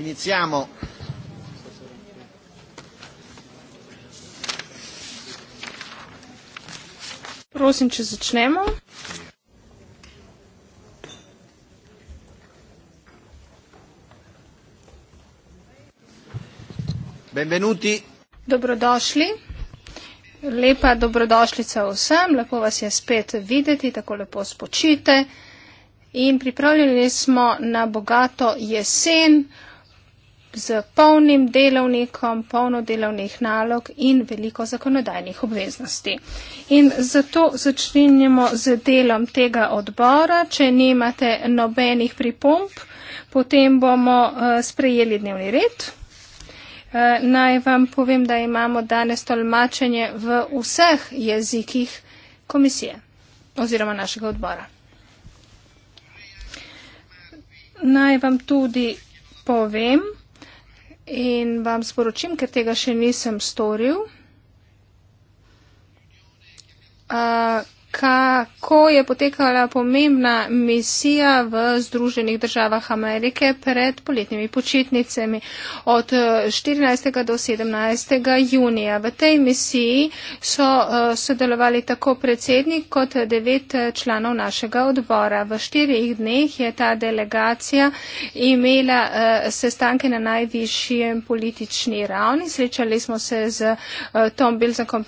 iniziamo prosim če začnemo benvenuti dobrodošli lepa dobrodošlica vsem lepo vas je spet videti tako lepo spočite in pripravljeni smo na bogato jesen z polnim delovnikom, polno delovnih nalog in veliko zakonodajnih obveznosti. In zato začnimo z delom tega odbora. Če nimate nobenih pripomp, potem bomo eh, sprejeli dnevni red. Eh, naj vam povem, da imamo danes tolmačenje v vseh jezikih komisije oziroma našega odbora. Naj vam tudi povem, in vam sporočim, ker tega še nisem storil. Uh, kako je potekala pomembna misija v Združenih državah Amerike pred poletnimi počitnicami od 14. do 17. junija. V tej misiji so eh, sodelovali tako predsednik kot devet eh, članov našega odbora. V štirih dneh je ta delegacija imela eh, sestanke na najvišjem politični ravni. Srečali smo se z Tom Bilzakom,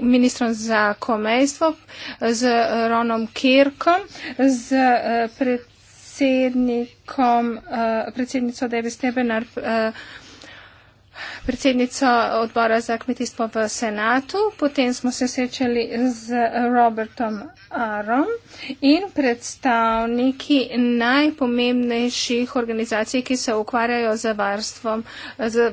ministrom za komejstvo, ministrstvo z Ronom Kerkom, z eh, predsednikom, eh, predsednico Deve Stebenar, eh, predsednico odbora za kmetijstvo v senatu, potem smo se srečali z Robertom Arom in predstavniki najpomembnejših organizacij, ki se ukvarjajo z varstvom, z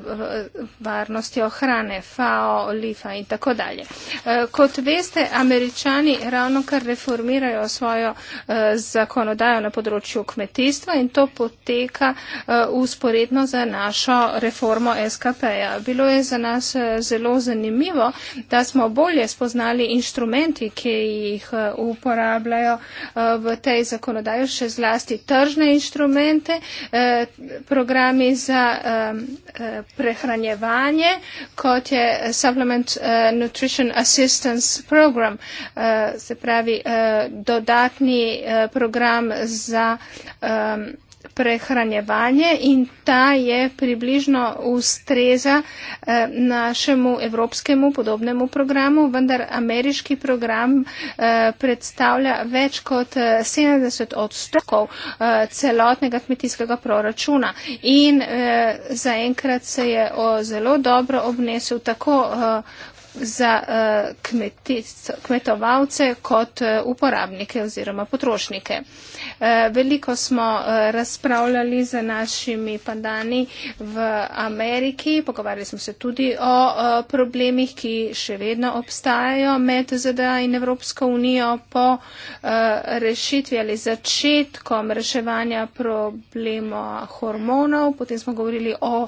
varnostjo hrane, FAO, LIFA in tako dalje. E, kot veste, američani ravno kar reformirajo svojo e, zakonodajo na področju kmetijstva in to poteka e, usporedno za našo reformo SK. PKP-ja. Bilo je za nas eh, zelo zanimivo, da smo bolje spoznali inštrumenti, ki jih eh, uporabljajo eh, v tej zakonodaji, še zlasti tržne inštrumente, programi za ehm, prehranjevanje, kot je Supplement Nutrition Assistance Program, se pravi dodatni program za. Ehm, prehranjevanje in ta je približno ustreza eh, našemu evropskemu podobnemu programu, vendar ameriški program eh, predstavlja več kot 70 eh, odstotkov celotnega kmetijskega proračuna in zaenkrat se je zelo dobro obnesel tako za eh, kmetovalce kot eh, uporabnike oziroma potrošnike. Eh, veliko smo razpravljali z našimi padani v Ameriki, pogovarjali smo se tudi o problemih, ki še vedno obstajajo med ZDA in Evropsko unijo po rešitvi ali začetkom reševanja problema hormonov. Potem smo govorili o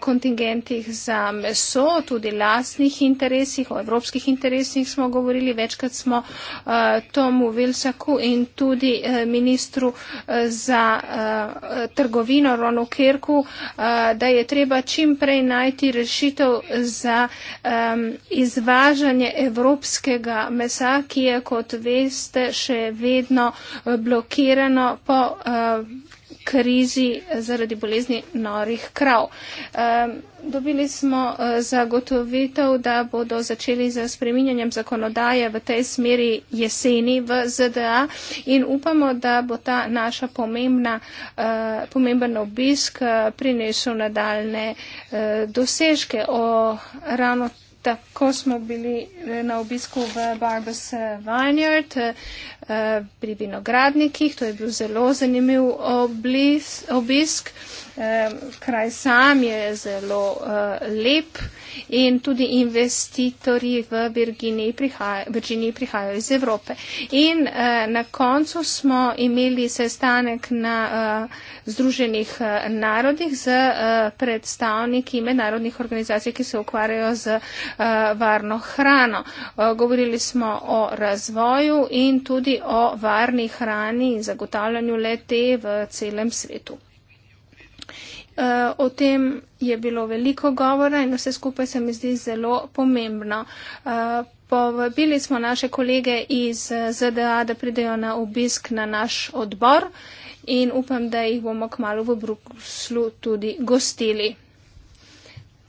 kontingentih za meso, tudi lasnih interesov interesih, o evropskih interesih smo govorili, večkrat smo uh, Tomu Vilsaku in tudi uh, ministru uh, za uh, trgovino Ronu Kirku, uh, da je treba čim prej najti rešitev za um, izvažanje evropskega mesa, ki je, kot veste, še vedno blokirano po. Uh, krizi zaradi bolezni norih krav. Dobili smo e, zagotovitev, da bodo začeli z spreminjanjem zakonodaje v tej smeri jeseni v ZDA in upamo, da bo ta naša pomembna, e, pomemben obisk e, prinesel nadaljne dosežke. O, ravno tako smo bili na obisku v Barbas Vineyard. Eh, pri vinogradnikih. To je bil zelo zanimiv obis, obisk. Eh, kraj sam je zelo eh, lep in tudi investitorji v Virginiji prihajajo, Virginiji prihajajo iz Evrope. In na koncu smo imeli sestanek na Združenih narodih z predstavniki mednarodnih organizacij, ki se ukvarjajo z varno hrano. Govorili smo o razvoju in tudi o varni hrani in zagotavljanju lete v celem svetu. Eh, o tem je bilo veliko govora in vse skupaj se mi zdi zelo pomembno. Eh, povabili smo naše kolege iz eh, ZDA, da pridejo na obisk na naš odbor in upam, da jih bomo kmalo v Bruslu tudi gostili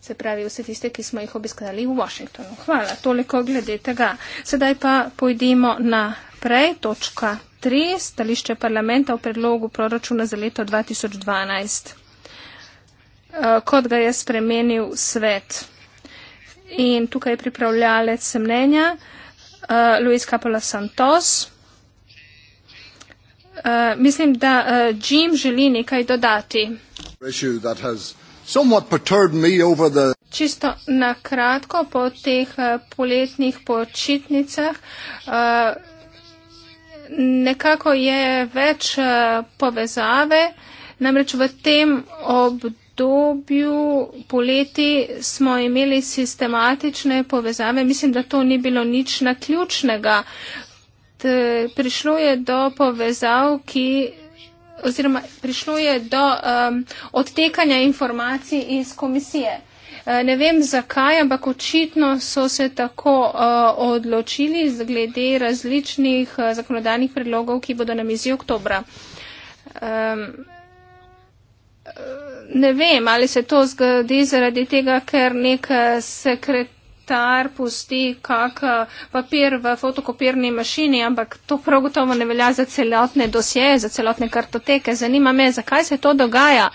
se pravi vse tiste, ki smo jih obiskali v Washingtonu. Hvala, toliko glede tega. Sedaj pa pojdemo naprej, točka 3, stališče parlamenta v predlogu proračuna za leto 2012, e, kot ga je spremenil svet. In tukaj je pripravljalec mnenja e, Luis Capola Santos. E, mislim, da Jim želi nekaj dodati. Issue that has Čisto na kratko po teh eh, poletnih počitnicah. Eh, nekako je več eh, povezave, namreč v tem obdobju poleti smo imeli sistematične povezave. Mislim, da to ni bilo nič naključnega. Prišlo je do povezav, ki oziroma prišlo je do um, odtekanja informacij iz komisije. Uh, ne vem zakaj, ampak očitno so se tako uh, odločili glede različnih uh, zakonodajnih predlogov, ki bodo na mizi oktobra. Um, uh, ne vem, ali se to zgodi zaradi tega, ker nek uh, sekretar notar pusti kak eh, papir v fotokopirni mašini, ampak to prav gotovo ne velja za celotne dosjeje, za celotne kartoteke. Zanima me, zakaj se to dogaja?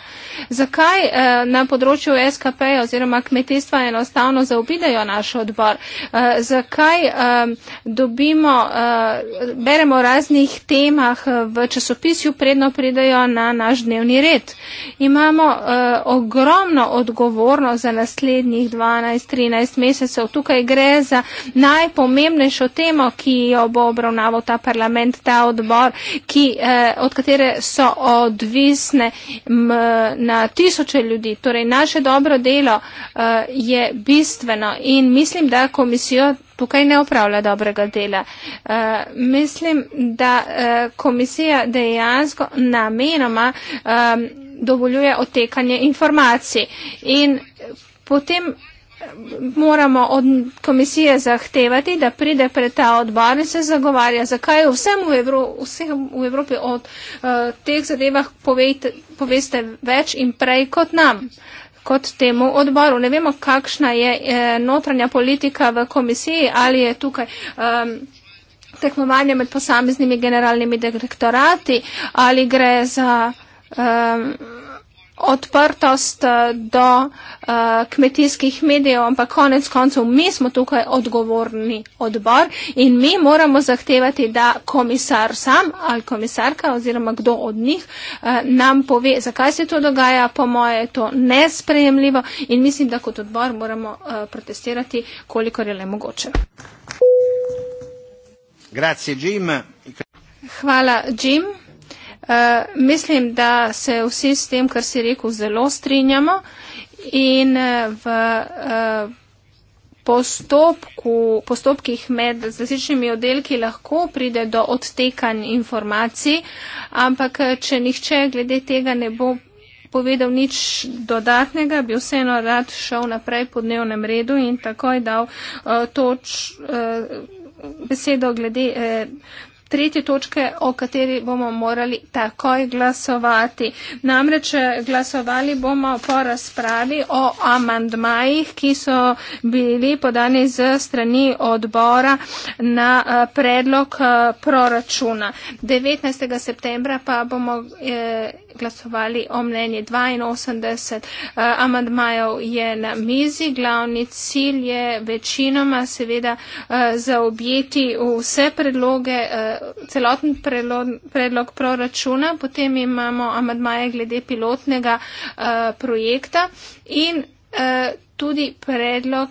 Zakaj eh, na področju SKP oziroma kmetijstva enostavno zaobidejo naš odbor? Eh, zakaj eh, dobimo, eh, beremo o raznih temah eh, v časopisju, predno pridejo na naš dnevni red? Imamo eh, ogromno odgovornost za naslednjih 12-13 mesecev, delavcev. Tukaj gre za najpomembnejšo temo, ki jo bo obravnaval ta parlament, ta odbor, ki, eh, od katere so odvisne m, na tisoče ljudi. Torej, naše dobro delo eh, je bistveno in mislim, da komisijo. Tukaj ne opravlja dobrega dela. Uh, mislim, da uh, komisija dejansko namenoma um, dovoljuje otekanje informacij. In potem moramo od komisije zahtevati, da pride pred ta odbor in se zagovarja, zakaj vsem v, Evro, vsem v Evropi o uh, eh, teh zadevah povejte, poveste več in prej kot nam, kot temu odboru. Ne vemo, kakšna je eh, notranja politika v komisiji ali je tukaj. Um, tekmovanje med posameznimi generalnimi direktorati ali gre za um, odprtost eh, do uh, kmetijskih medijev, ampak konec koncev mi smo tukaj odgovorni odbor in mi moramo zahtevati, da komisar sam ali komisarka oziroma kdo od njih uh, nam pove, zakaj se to dogaja. Po moje je to nesprejemljivo in mislim, da kot odbor moramo uh, protestirati, kolikor je le mogoče. Grazie, Hvala, Jim. Eh, mislim, da se vsi s tem, kar si rekel, zelo strinjamo in eh, v eh, postopku, postopkih med različnimi oddelki lahko pride do odtekanj informacij, ampak če nihče glede tega ne bo povedal nič dodatnega, bi vseeno rad šel naprej po dnevnem redu in takoj dal uh, toč uh, besedo glede. Uh, tretje točke, o kateri bomo morali takoj glasovati. Namreč eh, glasovali bomo po razpravi o amandmajih, ki so bili podani z strani odbora na eh, predlog eh, proračuna. 19. septembra pa bomo glasovali o mnenje 82 amandmajev je na mizi. Glavni cilj je večinoma seveda zaobjeti vse predloge celoten predlog proračuna, potem imamo amadmaje glede pilotnega eh, projekta in eh, tudi predlog,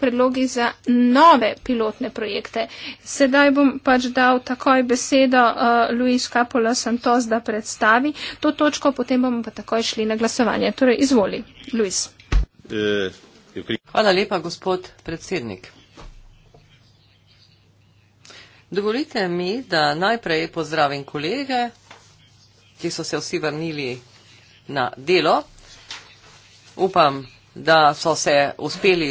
predlogi za nove pilotne projekte. Sedaj bom pač dal takoj besedo eh, Luis Capola Santos, da predstavi to točko, potem bomo pa takoj šli na glasovanje. Torej, izvoli, Luis. Hvala lepa, gospod predsednik. Dovolite mi, da najprej pozdravim kolege, ki so se vsi vrnili na delo. Upam, da so se uspeli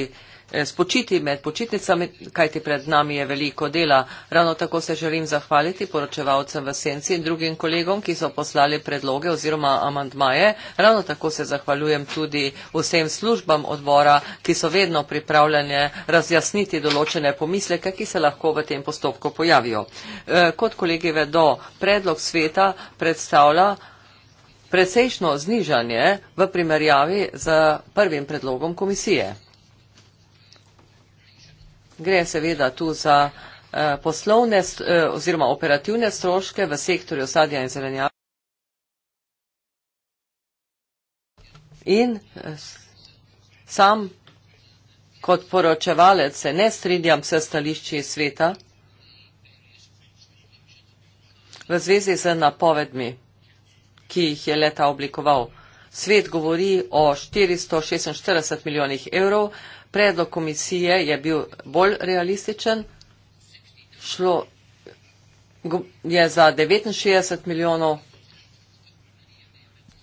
Eh, spočiti med počitnicami, kajti pred nami je veliko dela. Ravno tako se želim zahvaliti poročevalcem v Senci in drugim kolegom, ki so poslali predloge oziroma amantmaje. Ravno tako se zahvaljujem tudi vsem službam odbora, ki so vedno pripravljene razjasniti določene pomisleke, ki se lahko v tem postopku pojavijo. Eh, kot kolegi vedo, predlog sveta predstavlja precejšno znižanje v primerjavi z prvim predlogom komisije. Gre seveda tu za eh, poslovne eh, oziroma operativne stroške v sektorju sadja in zelenjave. In eh, sam kot poročevalec se ne strinjam s stališči sveta v zvezi z napovedmi, ki jih je leta oblikoval. Svet govori o 446 milijonih evrov, predlog komisije je bil bolj realističen, šlo je za 69 milijonov.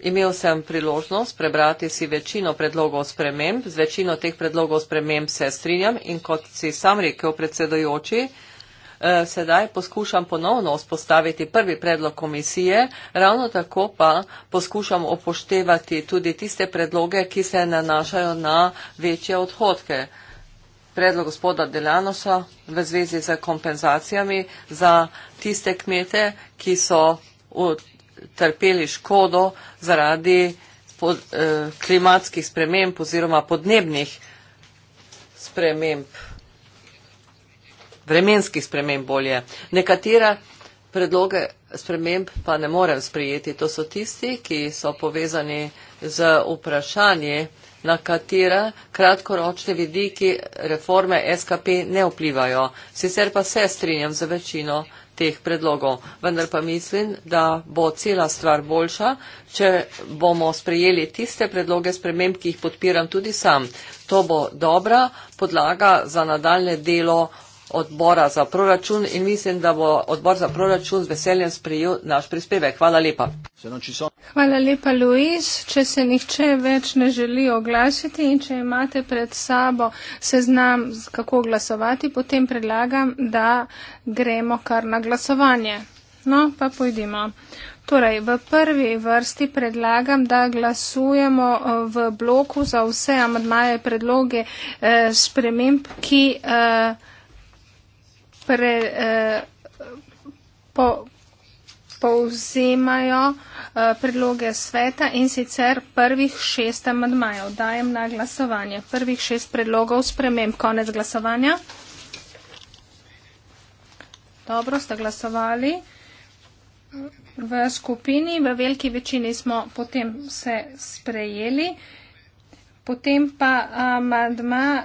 Imel sem priložnost prebrati si večino predlogov sprememb, z večino teh predlogov sprememb se strinjam in kot si sam rekel predsedojoči, Eh, sedaj poskušam ponovno vzpostaviti prvi predlog komisije, ravno tako pa poskušam upoštevati tudi tiste predloge, ki se nanašajo na večje odhodke. Predlog gospoda Delanoša v zvezi z kompenzacijami za tiste kmete, ki so trpeli škodo zaradi pod, eh, klimatskih sprememb oziroma podnebnih sprememb vremenskih sprememb bolje. Nekatera predloge sprememb pa ne morem sprijeti. To so tisti, ki so povezani z vprašanje, na katera kratkoročne vidiki reforme SKP ne vplivajo. Sicer pa se strinjam za večino teh predlogov, vendar pa mislim, da bo cela stvar boljša, če bomo sprejeli tiste predloge sprememb, ki jih podpiram tudi sam. To bo dobra podlaga za nadaljne delo odbora za proračun in mislim, da bo odbor za proračun z veseljem sprijel naš prispevek. Hvala lepa. Hvala lepa, Luis. Če se nihče več ne želi oglasiti in če imate pred sabo seznam, kako glasovati, potem predlagam, da gremo kar na glasovanje. No, pa pojdimo. Torej, v prvi vrsti predlagam, da glasujemo eh, v bloku za vse amadmaje predloge eh, sprememb, ki. Eh, pre, eh, po, povzemajo eh, predloge sveta in sicer prvih šest amadmajev. Dajem na glasovanje prvih šest predlogov sprememb. Konec glasovanja. Dobro, ste glasovali. V skupini, v veliki večini smo potem se sprejeli. Potem pa amadma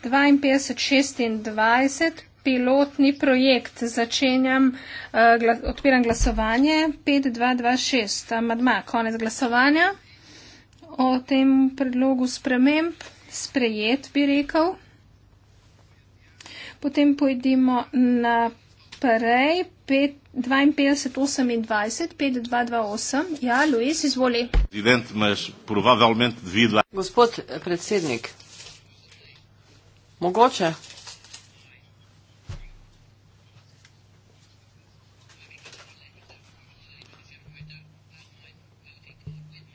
52-26 eh, pilotni projekt. Začenjam, uh, eh, gla, odpiram glasovanje 5226, amadma, konec glasovanja. O tem predlogu sprememb sprejet bi rekel. Potem pojdimo naprej 5228, 5228. Ja, Luis, izvoli. Gospod predsednik, mogoče.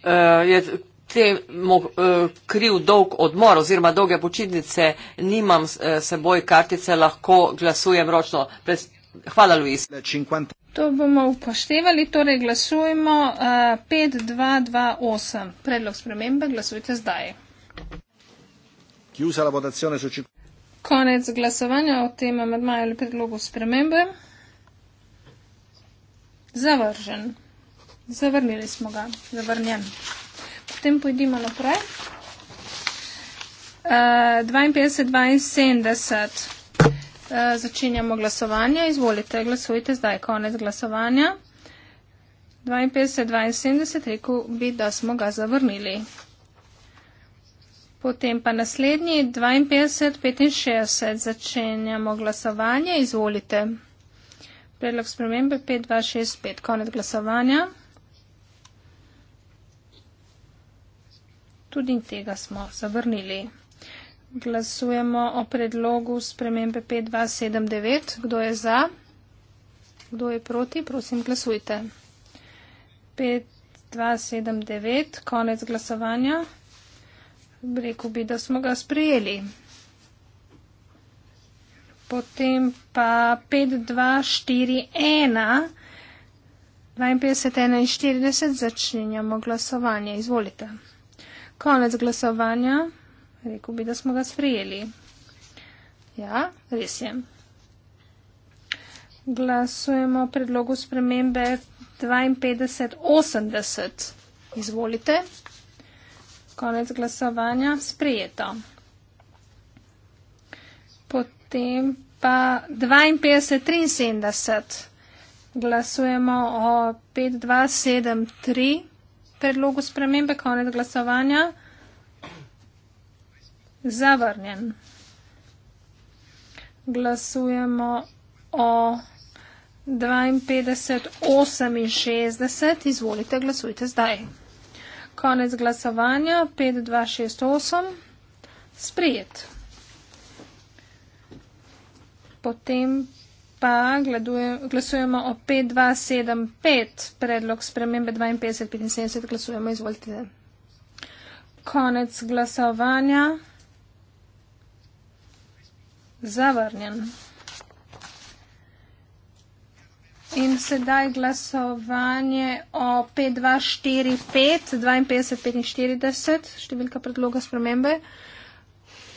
uh, je temu uh, kriv dolg odmor oziroma dolge počitnice, nimam eh, s uh, seboj kartice, lahko glasujem ročno. Prez... Hvala, Luis. To bomo upoštevali, torej glasujmo uh, 5228. Predlog spremembe, glasujte zdaj. Konec glasovanja o tem amedmaju ali predlogu spremembe. Zavržen. Zavrnili smo ga, zavrnjen. Potem pojdimo naprej. Uh, 52-72. Uh, začenjamo glasovanje. Izvolite, glasujte zdaj, konec glasovanja. 52-72, rekel bi, da smo ga zavrnili. Potem pa naslednji, 52-65, začenjamo glasovanje. Izvolite. Predlog spremembe 5-2-6-5, konec glasovanja. Tudi tega smo zavrnili. Glasujemo o predlogu spremembe 5279. Kdo je za? Kdo je proti? Prosim, glasujte. 5279, konec glasovanja. Reku bi, da smo ga sprijeli. Potem pa 5241, 5241, začnjamo glasovanje. Izvolite. Konec glasovanja. Rekl bi, da smo ga sprejeli. Ja, res je. Glasujemo predlogu spremembe 52-80. Izvolite. Konec glasovanja. Sprejeto. Potem pa 52-73. Glasujemo o 5273 predlogu spremembe konec glasovanja? Zavrnjen. Glasujemo o 52.68. Izvolite, glasujte zdaj. Konec glasovanja 5268. Sprijet. Potem pa glasujemo o 5275, predlog spremembe 5275, glasujemo, izvolite. Konec glasovanja. Zavrnjen. In sedaj glasovanje o 5245, 5245, številka predloga spremembe.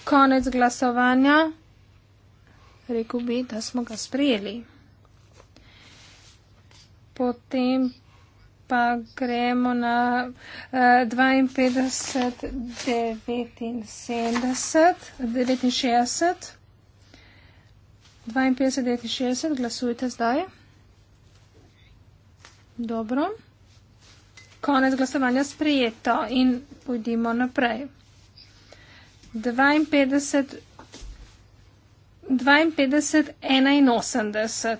Konec glasovanja rekel bi, da smo ga sprejeli. Potem pa gremo na uh, 52, 79, 69. 52, 69, glasujte zdaj. Dobro. Konec glasovanja sprejeto in pojdimo naprej. 52, 52 81.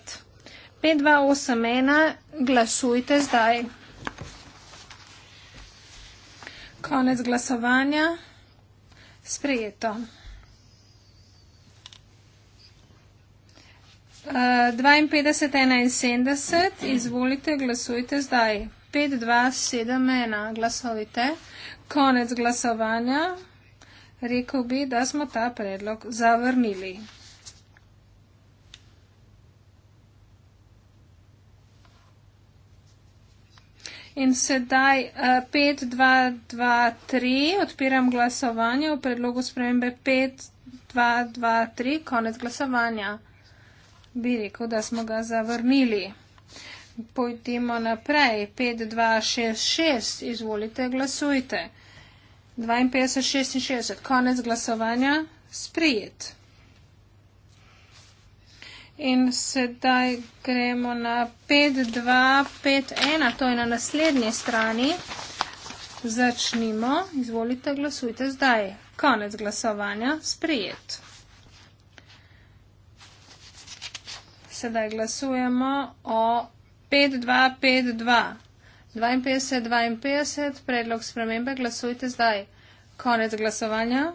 5281, glasujte zdaj. Konec glasovanja. Sprejeto. Uh, 52, 71, izvolite, glasujte zdaj. 5, 2, 7, 1, glasujte. Konec glasovanja. Rekl bi, da smo ta predlog zavrnili. In sedaj 5, 2, 2, 3, odpiram glasovanje v predlogu spremembe 5, 2, 2, 3, konec glasovanja. Bi rekel, da smo ga zavrnili. Pojdimo naprej. 5, 2, 6, 6, izvolite, glasujte. 52, 66, konec glasovanja, sprijet. In sedaj gremo na 5251, to je na naslednji strani. Začnimo, izvolite, glasujte zdaj. Konec glasovanja, sprijet. Sedaj glasujemo o 5252. 52, 52, predlog spremembe, glasujte zdaj. Konec glasovanja,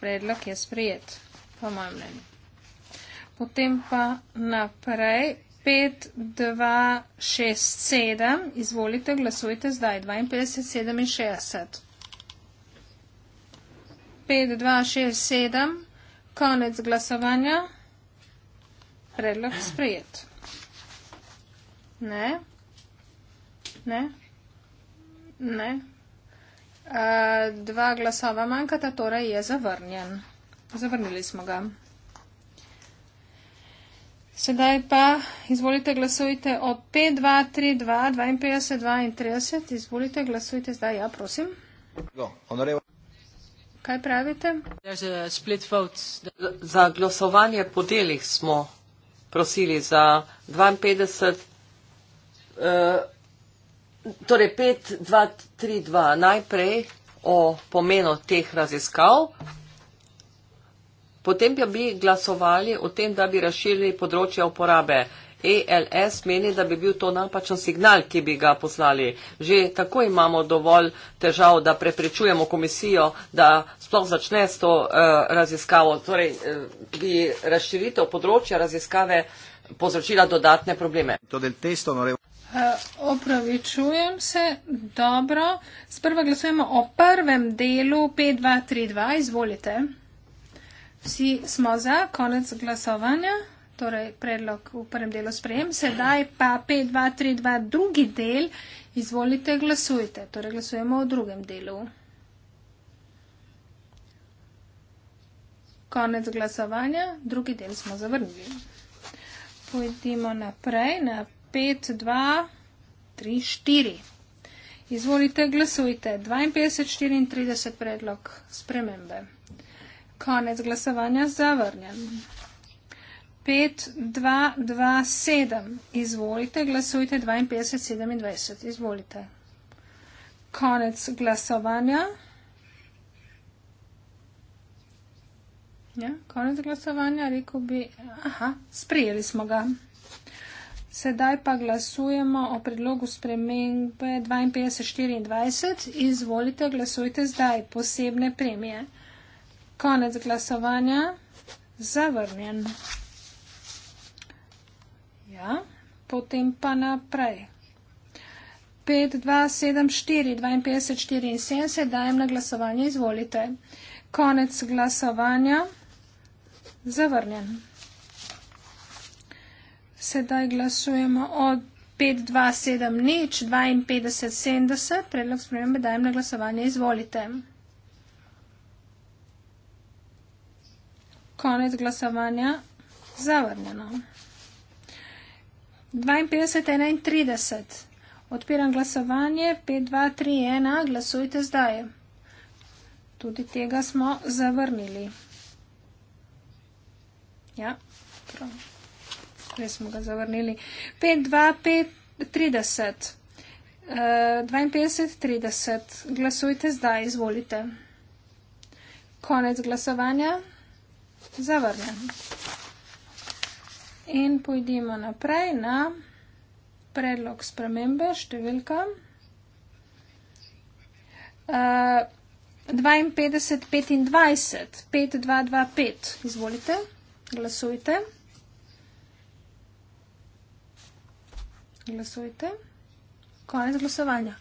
predlog je sprijet, po mojem mnenju potem pa naprej. 5, 2, 6, 7, izvolite, glasujte zdaj. 52, 67. 5, 2, 6, 7, konec glasovanja. Predlog sprejet. Ne? Ne? Ne? Uh, dva glasova manjkata, torej je zavrnjen. Zavrnili smo ga. Sedaj pa izvolite glasujte o 5, 2, 3, 2, 52, 32. Izvolite glasujte zdaj, ja, prosim. Kaj pravite? Za glasovanje po delih smo prosili za 52, uh, eh, torej 5, 2, 3, 2 najprej o pomenu teh raziskav. Potem pa bi glasovali o tem, da bi razširili področje uporabe. ALS e meni, da bi bil to napačen signal, ki bi ga poslali. Že tako imamo dovolj težav, da preprečujemo komisijo, da sploh začne s to eh, raziskavo. Torej, eh, bi razširitev področja raziskave povzročila dodatne probleme. No, eh, opravičujem se. Dobro. Sprva glasujemo o prvem delu 5232. Izvolite. Vsi smo za konec glasovanja, torej predlog v prvem delu sprejem. Sedaj pa 5, 2, 3, 2, drugi del. Izvolite, glasujte. Torej glasujemo o drugem delu. Konec glasovanja, drugi del smo zavrnili. Pojdimo naprej na 5, 2, 3, 4. Izvolite, glasujte. 52, 34 predlog spremembe. Konec glasovanja zavrnjen. 5, 2, 2, 7. Izvolite, glasujte 52, 27. Izvolite. Konec glasovanja. Ja, konec glasovanja, rekel bi, aha, sprijeli smo ga. Sedaj pa glasujemo o predlogu spremembe 52-24. Izvolite, glasujte zdaj posebne premije. Konec glasovanja. Zavrnjen. Ja, potem pa naprej. 5, 2, 7, 4, 52, 74 dajem na glasovanje. Izvolite. Konec glasovanja. Zavrnjen. Sedaj glasujemo od 5, 2, 7, nič, 52, 70. Predlog spremembe dajem na glasovanje. Izvolite. konec glasovanja zavrnjeno. 52.31. Odpiram glasovanje 5.2.3.1. Glasujte zdaj. Tudi tega smo zavrnili. Ja, prav. Res smo ga zavrnili. 5230. E, 5230. Glasujte zdaj, izvolite. Konec glasovanja zavrnjen. In pojdimo naprej na predlog spremembe številka. 5225, eh, 5225, izvolite, glasujte. Glasujte. Konec glasovanja.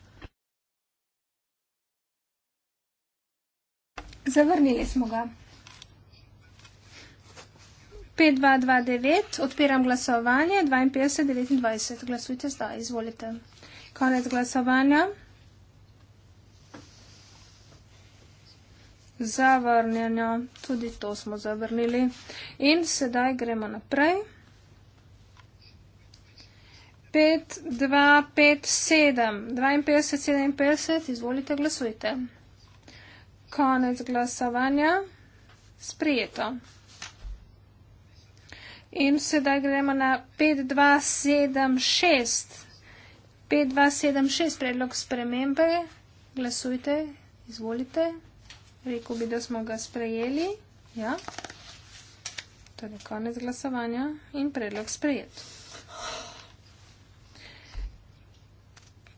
Zavrnili smo ga. 5229, odpiram glasovanje, 5229, glasujte zdaj, izvolite. Konec glasovanja. Zavrnjeno, tudi to smo zavrnili. In sedaj gremo naprej. 5257, 5257, izvolite, glasujte. Konec glasovanja, sprijeto. In sedaj gremo na 5276. 5276 predlog spremembe. Glasujte, izvolite. Rekl bi, da smo ga sprejeli. Ja. Torej, konec glasovanja in predlog sprejet.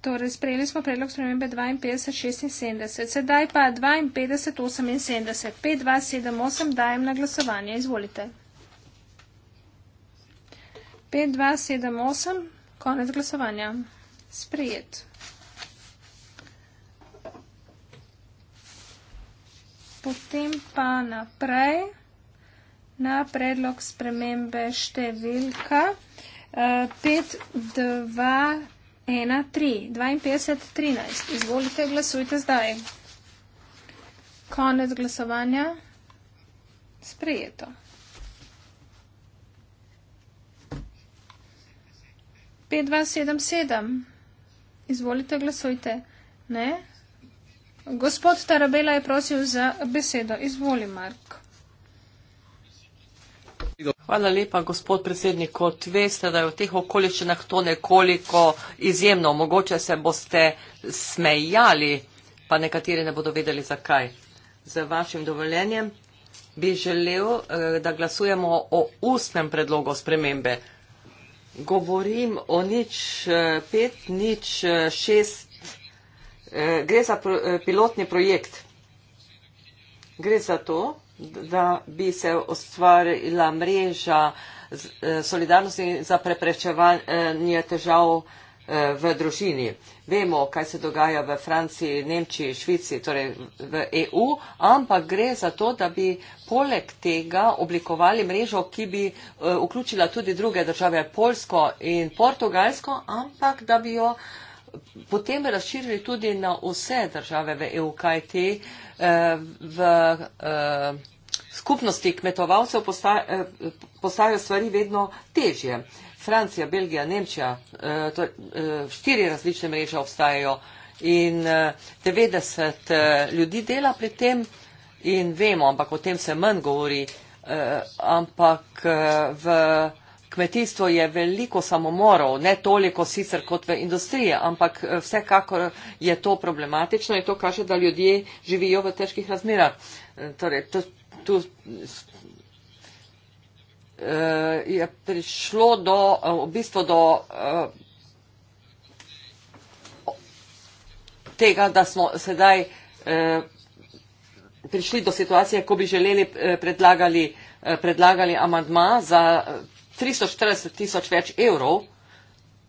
Torej, sprejeli smo predlog spremembe 52-76. Sedaj pa 52-78. 5-2-7-8 dajem na glasovanje. Izvolite. 5, 2, 7, 8, konec glasovanja. Sprejet. Potem pa naprej na predlog spremembe številka 5, 2, 1, 3, 52, 13. Izvolite, glasujte zdaj. Konec glasovanja. Sprejeto. 5277. Izvolite, glasujte. Ne? Gospod Tarabela je prosil za besedo. Izvoli, Mark. Hvala lepa, gospod predsednik. Kot veste, da je v teh okoliščinah to nekoliko izjemno. Mogoče se boste smejali, pa nekateri ne bodo vedeli, zakaj. Z vašim dovoljenjem bi želel, eh, da glasujemo o ustnem predlogu spremembe govorim o nič eh, pet, nič eh, šest. Eh, gre za pilotni projekt. Gre za to, da bi se ustvarila mreža solidarnosti za preprečevanje težav Eh, v družini. Vemo, kaj se dogaja v Franciji, Nemčiji, Švici, torej v EU, ampak gre za to, da bi poleg tega oblikovali mrežo, ki bi eh, vključila tudi druge države, Polsko in Portugalsko, ampak da bi jo potem razširili tudi na vse države v EU, kajti eh, v. v skupnosti kmetovalcev postajajo, eh, postajajo stvari vedno težje. Francija, Belgija, Nemčija, eh, to, eh, štiri različne mreže obstajajo in 90 ljudi dela pri tem in vemo, ampak o tem se manj govori, ampak v kmetijstvu je veliko samomorov, ne toliko sicer kot v industriji, ampak vsekakor je to problematično in to kaže, da ljudje živijo v težkih razmerah. Torej, to, tu eh, je prišlo do, eh, v bistvu do eh, tega, da smo sedaj prišli do situacije, ko bi želeli predlagali, predlagali amadma za 340 tisoč več evrov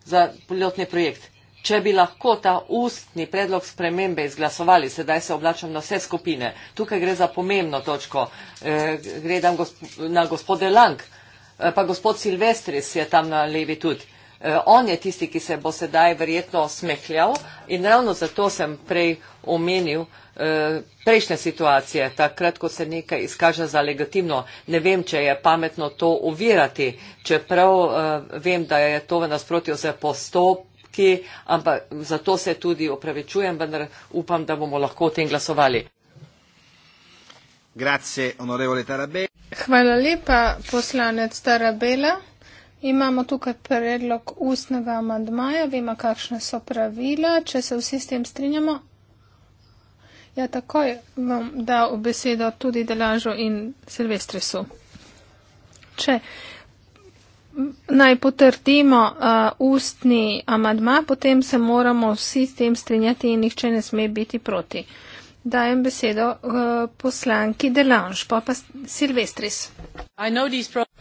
za poljotni projekt. Če bi lahko ta ustni predlog spremembe izglasovali, sedaj se oblačam na vse skupine, tukaj gre za pomembno točko, eh, gre tam na gospod Delank, eh, pa gospod Silvestris je tam na levi tudi. Eh, on je tisti, ki se bo sedaj verjetno smehljal in ravno zato sem prej omenil prejšnje situacije, takrat, ko se nekaj izkaže za legitimno. Ne vem, če je pametno to ovirati, čeprav vem, da je to v nasprotju za postop kje, ampak zato se tudi opravičujem, vendar upam, da bomo lahko o tem glasovali. Grazie, onorevole Tarabella. Hvala lepa, poslanec Tarabella. Imamo tukaj predlog ustnega amandmaja. Vemo, kakšne so pravila. Če se vsi s tem strinjamo. Ja, takoj vam dal besedo tudi Delažu in Silvestresu. Če naj potrdimo uh, ustni amadma, potem se moramo vsi s tem strinjati in nihče ne sme biti proti. Dajem besedo uh, poslanki Delanš, pa pa Silvestris.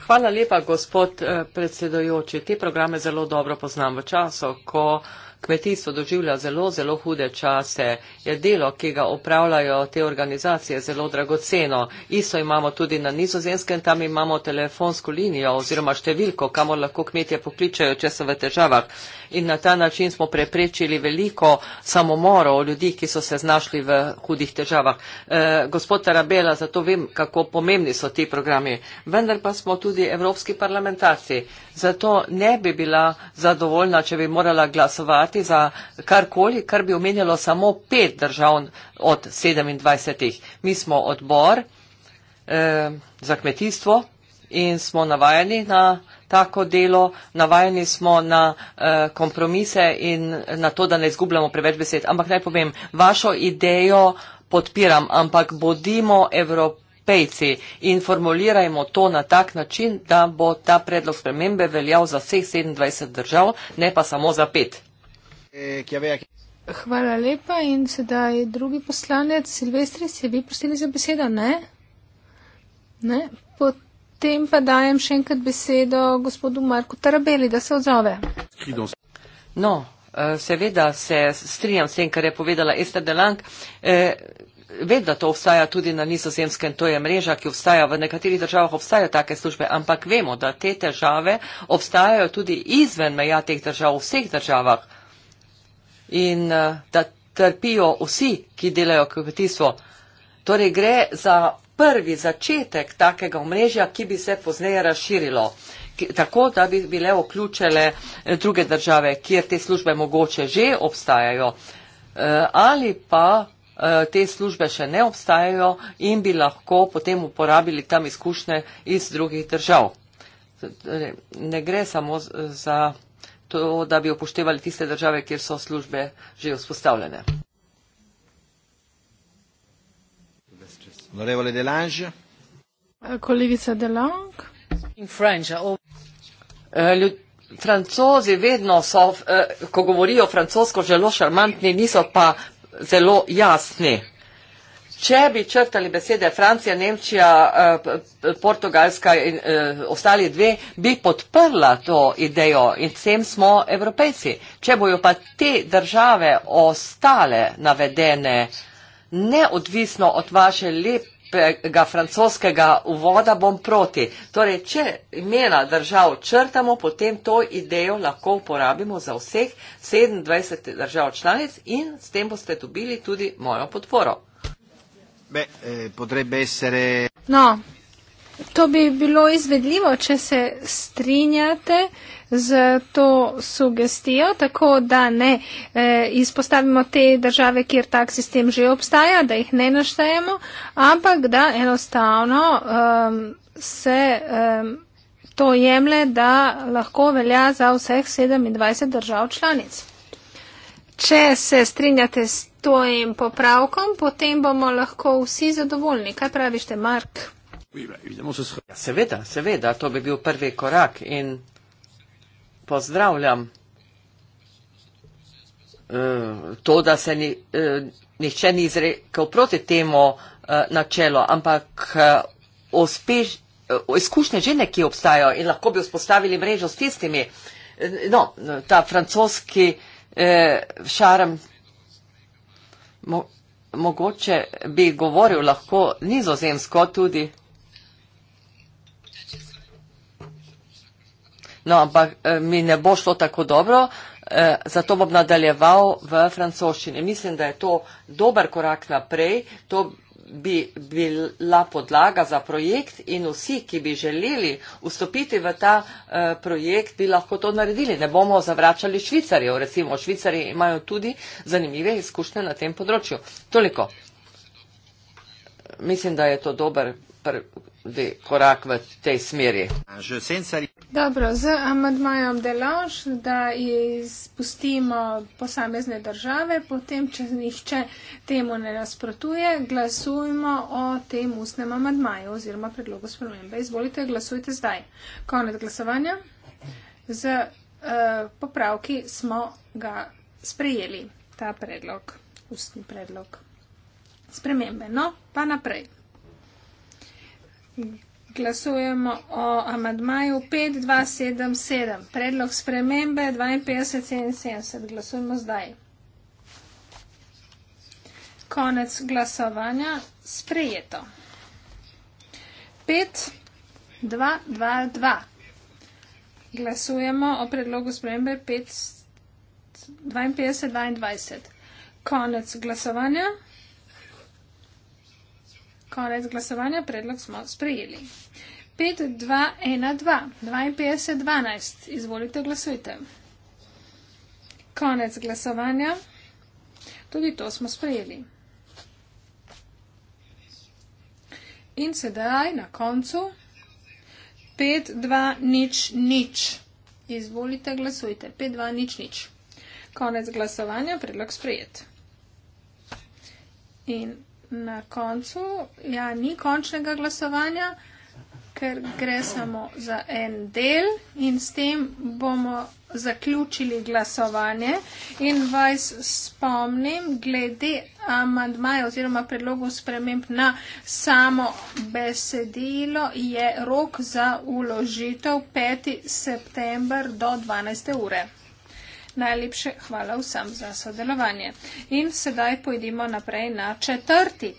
Hvala lepa, gospod uh, eh, predsedojoči. Te programe zelo dobro poznam v času, ko uh, kmetijstvo doživlja zelo, zelo hude čase, je delo, ki ga upravljajo te organizacije, zelo dragoceno. Isto imamo tudi na nizozemskem, tam imamo telefonsko linijo oziroma številko, kamor lahko kmetje pokličajo, če so v težavah. In na ta način smo preprečili veliko samomorov ljudi, ki so se znašli v hudih težavah. E, gospod Tarabela, zato vem, kako pomembni so ti programi. Vendar pa smo tudi evropski parlamentarci. Zato ne bi bila zadovoljna, če bi morala glasovati kandidati za karkoli, kar bi omenjalo samo pet držav od 27. Mi smo odbor eh, za kmetijstvo in smo navajeni na tako delo, navajeni smo na eh, kompromise in na to, da ne izgubljamo preveč besed. Ampak naj povem, vašo idejo podpiram, ampak bodimo evropski. In formulirajmo to na tak način, da bo ta predlog spremembe veljal za vseh 27 držav, ne pa samo za pet ki je vejak. Hvala lepa in sedaj drugi poslanec, Silvestri, ste vi prosili za besedo, ne? Ne? Potem pa dajem še enkrat besedo gospodu Marku Tarabeli, da se odzove. No, eh, seveda se strijam s tem, kar je povedala Ester Delang. Eh, vedno to obstaja tudi na nizozemskem, to je mreža, ki obstaja v nekaterih državah, obstajajo take službe, ampak vemo, da te težave obstajajo tudi izven meja teh držav, v vseh državah in eh, da trpijo vsi, ki delajo kmetijstvo. Torej gre za prvi začetek takega omrežja, ki bi se pozneje razširilo, tako da bi bile vključene eh, druge države, kjer te službe mogoče že obstajajo eh, ali pa te službe še ne obstajajo in bi lahko potem uporabili tam izkušnje iz drugih držav. Torej, ne gre samo za to, da bi upoštevali tiste države, kjer so službe že vzpostavljene. Eh, kolegica Delang. Oh. Eh, Francozi vedno so, eh, ko govorijo francosko, zelo šarmantni, niso pa zelo jasni. Če bi črtali besede Francija, Nemčija, eh, Portugalska in eh, ostali dve, bi podprla to idejo in vsem smo evropejci. Če bojo pa te države ostale navedene neodvisno od vaše lepega francoskega uvoda, bom proti. Torej, če imena držav črtamo, potem to idejo lahko uporabimo za vseh 27 držav članic in s tem boste dobili tudi mojo podporo. Beh, eh, potrebbe essere. No, to bi bilo izvedljivo, če se strinjate z to sugestijo, tako da ne eh, izpostavimo te države, kjer tak sistem že obstaja, da jih ne naštejemo, ampak da enostavno eh, se eh, to jemlje, da lahko velja za vseh 27 držav članic. Če se strinjate s tvojim popravkom, potem bomo lahko vsi zadovoljni. Kaj praviš, te Mark? Ja, seveda, seveda, to bi bil prvi korak in pozdravljam uh, to, da se ni, uh, nihče ni izrekel proti temu uh, eh, načelo, ampak uh, ospeš, uh, izkušnje žene, ki obstajajo in lahko bi vzpostavili mrežo s tistimi, uh, no, ta francoski uh, šarm mo, mogoče bi govoril lahko nizozemsko tudi. No, ampak eh, mi ne bo šlo tako dobro, eh, zato bom nadaljeval v francoščini. Mislim, da je to dober korak naprej. To bi bila podlaga za projekt in vsi, ki bi želeli vstopiti v ta eh, projekt, bi lahko to naredili. Ne bomo zavračali švicarjev, recimo švicarji imajo tudi zanimive izkušnje na tem področju. Toliko. Mislim, da je to dober prvi korak v tej smeri. Dobro, z amadmajem delož, da izpustimo posamezne države, potem, če nihče temu ne nasprotuje, glasujmo o tem ustnem amadmaju oziroma predlogu spremembe. Izvolite, glasujte zdaj. Konec glasovanja. Z uh, popravki smo ga sprejeli, ta predlog, ustni predlog spremembe. No, pa naprej. Glasujemo o amadmaju 5277. Predlog spremembe 5277. Glasujemo zdaj. Konec glasovanja. Sprejeto. 5222. Glasujemo o predlogu spremembe 5222. Konec glasovanja. Konec glasovanja, predlog smo sprejeli. 5, 2, 1, 2, 52, 12. Izvolite, glasujte. Konec glasovanja. Tudi to smo sprejeli. In sedaj na koncu. 5, 2, nič, nič. Izvolite, glasujte. 5, 2, nič, nič. Konec glasovanja, predlog sprejet. In na koncu. Ja, ni končnega glasovanja, ker gre samo za en del in s tem bomo zaključili glasovanje. In vas spomnim, glede amandmaja oziroma predlogov sprememb na samo besedilo je rok za uložitev 5. september do 12. ure najlepše hvala vsem za sodelovanje. In sedaj pojdimo naprej na četrti.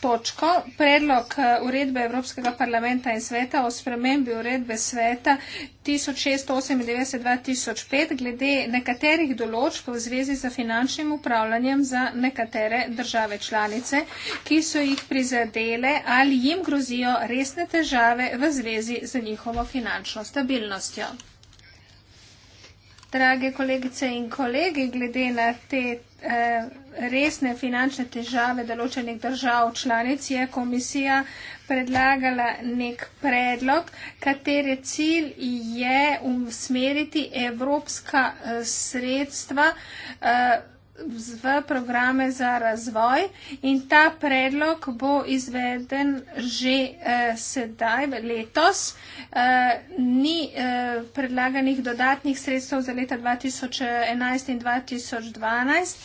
Točko, predlog eh, uredbe Evropskega parlamenta in sveta o spremembi uredbe sveta 1698-2005 glede nekaterih določb v zvezi z finančnim upravljanjem za nekatere države članice, ki so jih prizadele ali jim grozijo resne težave v zvezi z njihovo finančno stabilnostjo. Drage kolegice in kolegi, glede na te eh, resne finančne težave določenih držav članic je komisija predlagala nek predlog, katere cilj je usmeriti evropska eh, sredstva eh, v programe za razvoj in ta predlog bo izveden že eh, sedaj, letos. Eh, ni eh, predlaganih dodatnih sredstev za leta 2011 in 2012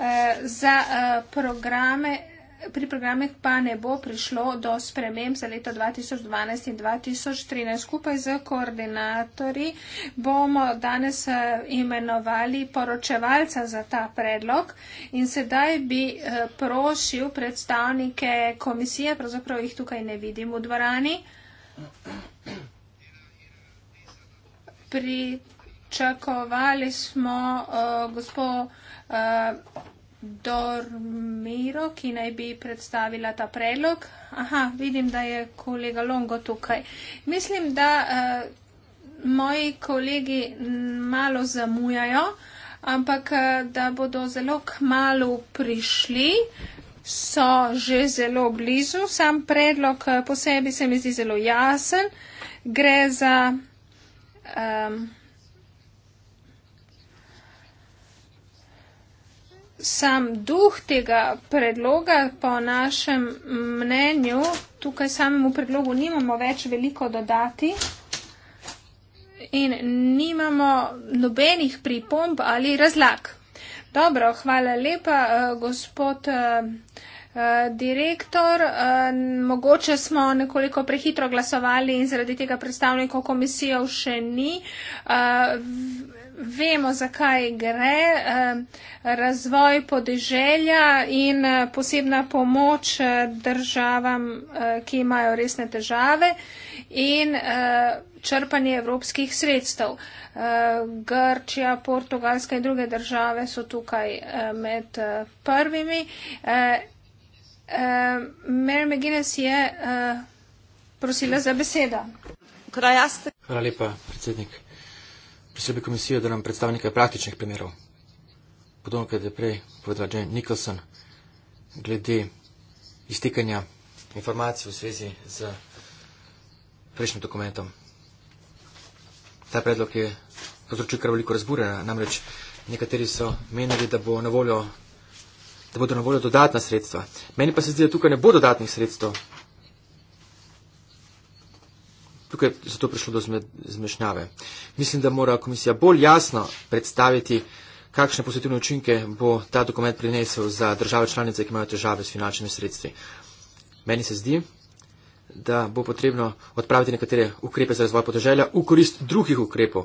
eh, za eh, programe pri programih pa ne bo prišlo do sprememb za leto 2012 in 2013. Skupaj z koordinatorji bomo danes eh, imenovali poročevalca za ta predlog in sedaj bi eh, prosil predstavnike komisije, pravzaprav jih tukaj ne vidim v dvorani. Pričakovali smo uh, eh, gospod uh, Dormiro, ki naj bi predstavila ta predlog. Aha, vidim, da je kolega Longo tukaj. Mislim, da uh, moji kolegi malo zamujajo, ampak uh, da bodo zelo k malu prišli, so že zelo blizu. Sam predlog uh, po sebi se mi zdi zelo jasen. Gre za. Um, sam duh tega predloga, po našem mnenju, tukaj samemu predlogu nimamo več veliko dodati in nimamo nobenih pripomb ali razlag. Dobro, hvala lepa, eh, gospod eh, eh, direktor. Mogoče smo nekoliko prehitro glasovali in zaradi tega predstavnikov komisijo še ni vemo, zakaj gre. Eh, razvoj podeželja in eh, posebna pomoč eh, državam, ki imajo resne težave in črpanje evropskih sredstev. Grčija, Portugalska in druge države so tukaj med prvimi. Mary McGuinness je prosila za besedo. Hvala lepa, predsednik posebej komisijo, da nam predstavi nekaj praktičnih primerov. Podobno, kaj je prej povedal Jane Nicholson, glede iztekanja informacij v svezi z prejšnjim dokumentom. Ta predlog je povzročil kar veliko razbure, namreč nekateri so menili, da, bo na voljo, da bodo na voljo dodatna sredstva. Meni pa se zdi, da tukaj ne bo dodatnih sredstev, Tukaj je zato prišlo do zmešnjave. Mislim, da mora komisija bolj jasno predstaviti, kakšne pozitivne učinke bo ta dokument prinesel za države članice, ki imajo težave s finančnimi sredstvi. Meni se zdi, da bo potrebno odpraviti nekatere ukrepe za razvoj podeželja v korist drugih ukrepov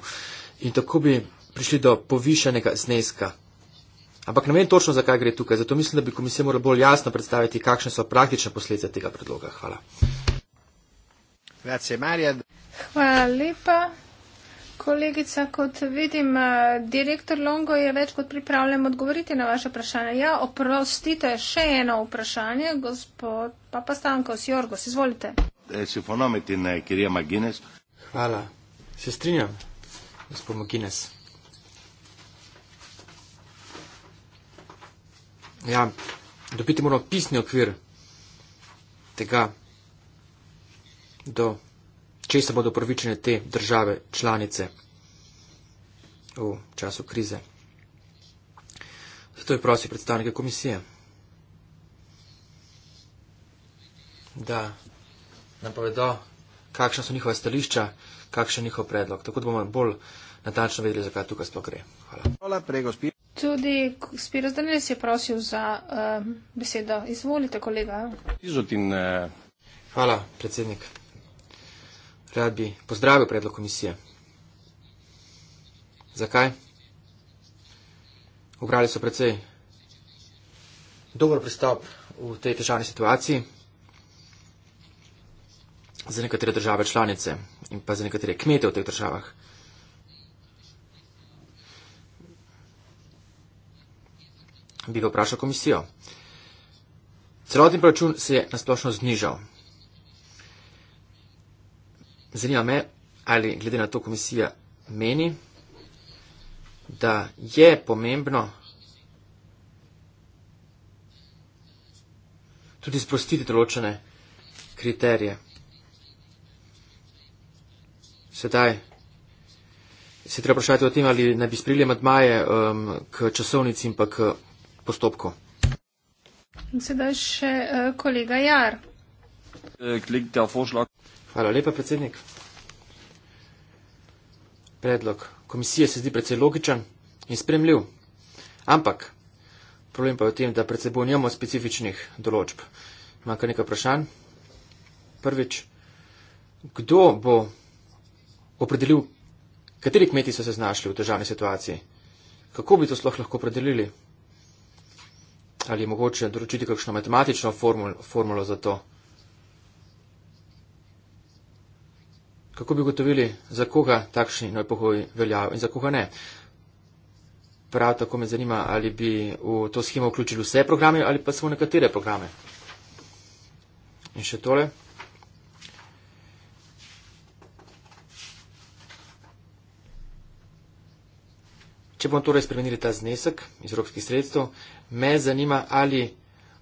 in tako bi prišli do povišenega zneska. Ampak ne vem točno, zakaj gre tukaj. Zato mislim, da bi komisija morala bolj jasno predstaviti, kakšne so praktične posledice tega predloga. Hvala. Grazie Marija. Hvala lepa. Kolegica, kot vidim, eh, direktor Longo je več kot pripravljen odgovoriti na vaše vprašanje. Ja, oprostite, še eno vprašanje, gospod Papa Stankos, Jorgos, izvolite. Eh, Hvala. Se strinjam, gospod Makines. Ja, dobiti moramo pisni okvir tega do česa bodo upravičene te države članice v času krize. Zato je prosil predstavnike komisije, da nam povedo, kakšna so njihova stališča, kakšen je njihov predlog, tako da bomo bolj natančno vedeli, zakaj tukaj sploh gre. Hvala. Hvala Tudi Spiro Zdanelis je prosil za um, besedo. Izvolite, kolega. Eh. Hvala, predsednik rad bi pozdravil predlog komisije. Zakaj? Obrali so precej dober pristop v tej težavni situaciji za nekatere države članice in pa za nekatere kmete v teh državah. Bi ga vprašal komisijo. Celotni proračun se je nasplošno znižal. Zanima me, ali glede na to komisija meni, da je pomembno tudi sprostiti določene kriterije. Sedaj se treba vprašati o tem, ali ne bi sprili madmaje um, k časovnici in pa k postopku. Sedaj še uh, kolega Jar. Eh, klik ta vošlak. Hvala lepa, predsednik. Predlog komisije se zdi predvsej logičen in spremljiv. Ampak problem pa je v tem, da pred seboj nimamo specifičnih določb. Imam kar nekaj vprašanj. Prvič, kdo bo opredelil, kateri kmeti so se znašli v težavni situaciji? Kako bi to sploh lahko opredelili? Ali je mogoče določiti kakšno matematično formulo, formulo za to? kako bi gotovili, za koga takšni novi pogoji veljajo in za koga ne. Prav tako me zanima, ali bi v to schemo vključili vse programe ali pa samo nekatere programe. In še tole. Če bom torej spremenili ta znesek iz evropskih sredstev, me zanima, ali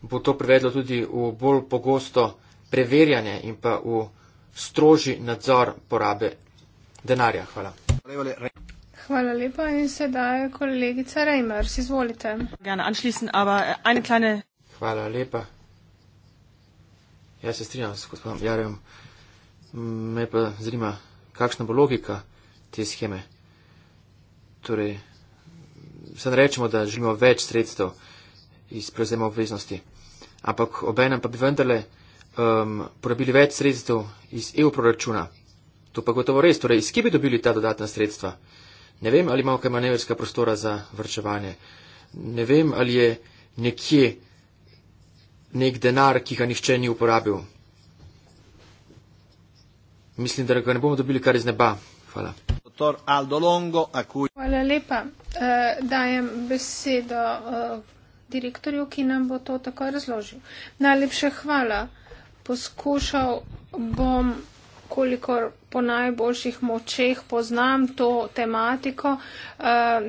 bo to privedlo tudi v bolj pogosto preverjanje in pa v stroži nadzor porabe denarja. Hvala. Hvala lepa in sedaj kolegica Reimers, izvolite. Äh, Hvala lepa. Jaz se strinjam s gospodom Jarjem. Me pa zanima, kakšna bo logika te scheme. Torej, sem rečemo, da želimo več sredstev iz prevzema obveznosti, ampak obenem pa bi vendarle um, porabili več sredstev iz EU proračuna. To pa gotovo res. Torej, iz kje bi dobili ta dodatna sredstva? Ne vem, ali imamo kaj manevrska prostora za vrčevanje. Ne vem, ali je nekje nek denar, ki ga nišče ni uporabil. Mislim, da ga ne bomo dobili kar iz neba. Hvala. Aldo Longo, Hvala lepa. Uh, dajem besedo. Uh, direktorju, ki nam bo to tako razložil. Najlepša hvala poskušal bom, kolikor po najboljših močeh poznam to tematiko, um,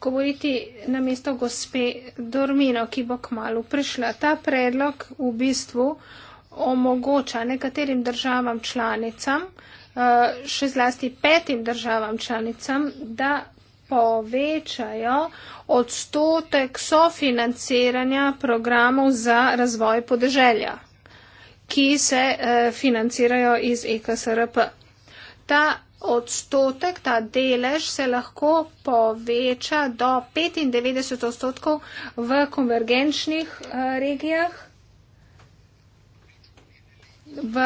govoriti na mesto gospe Dormino, ki bo kmalo prišla. Ta predlog v bistvu omogoča nekaterim državam članicam, eh, še zlasti petim državam članicam, da povečajo odstotek sofinanciranja programov za razvoj podeželja, ki se eh, financirajo iz EKSRP. Ta odstotek, ta delež se lahko poveča do 95 odstotkov v konvergenčnih eh, regijah. V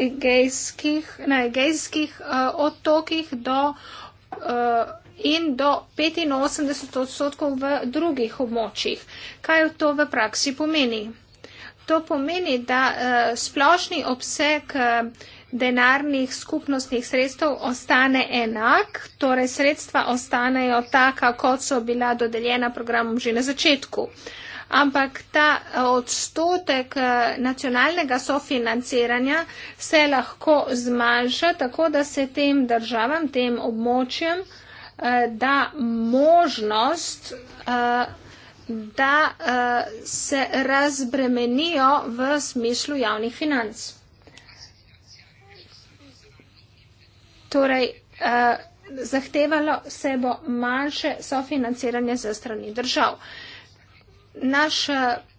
egejskih, na egejskih uh, otokih do uh, in do 85 odstotkov v drugih območjih. Kaj to v praksi pomeni? To pomeni, da e, splošni obseg e, denarnih skupnostnih sredstev ostane enak, torej sredstva ostanejo taka, kot so bila dodeljena programom že na začetku. Ampak ta e, odstotek nacionalnega sofinanciranja se lahko zmanjša tako, da se tem državam, tem območjem, Eh, da možnost, eh, da eh, se razbremenijo v smislu javnih financ. Torej, zahtevalo se bo manjše sofinanciranje za strani držav. Naš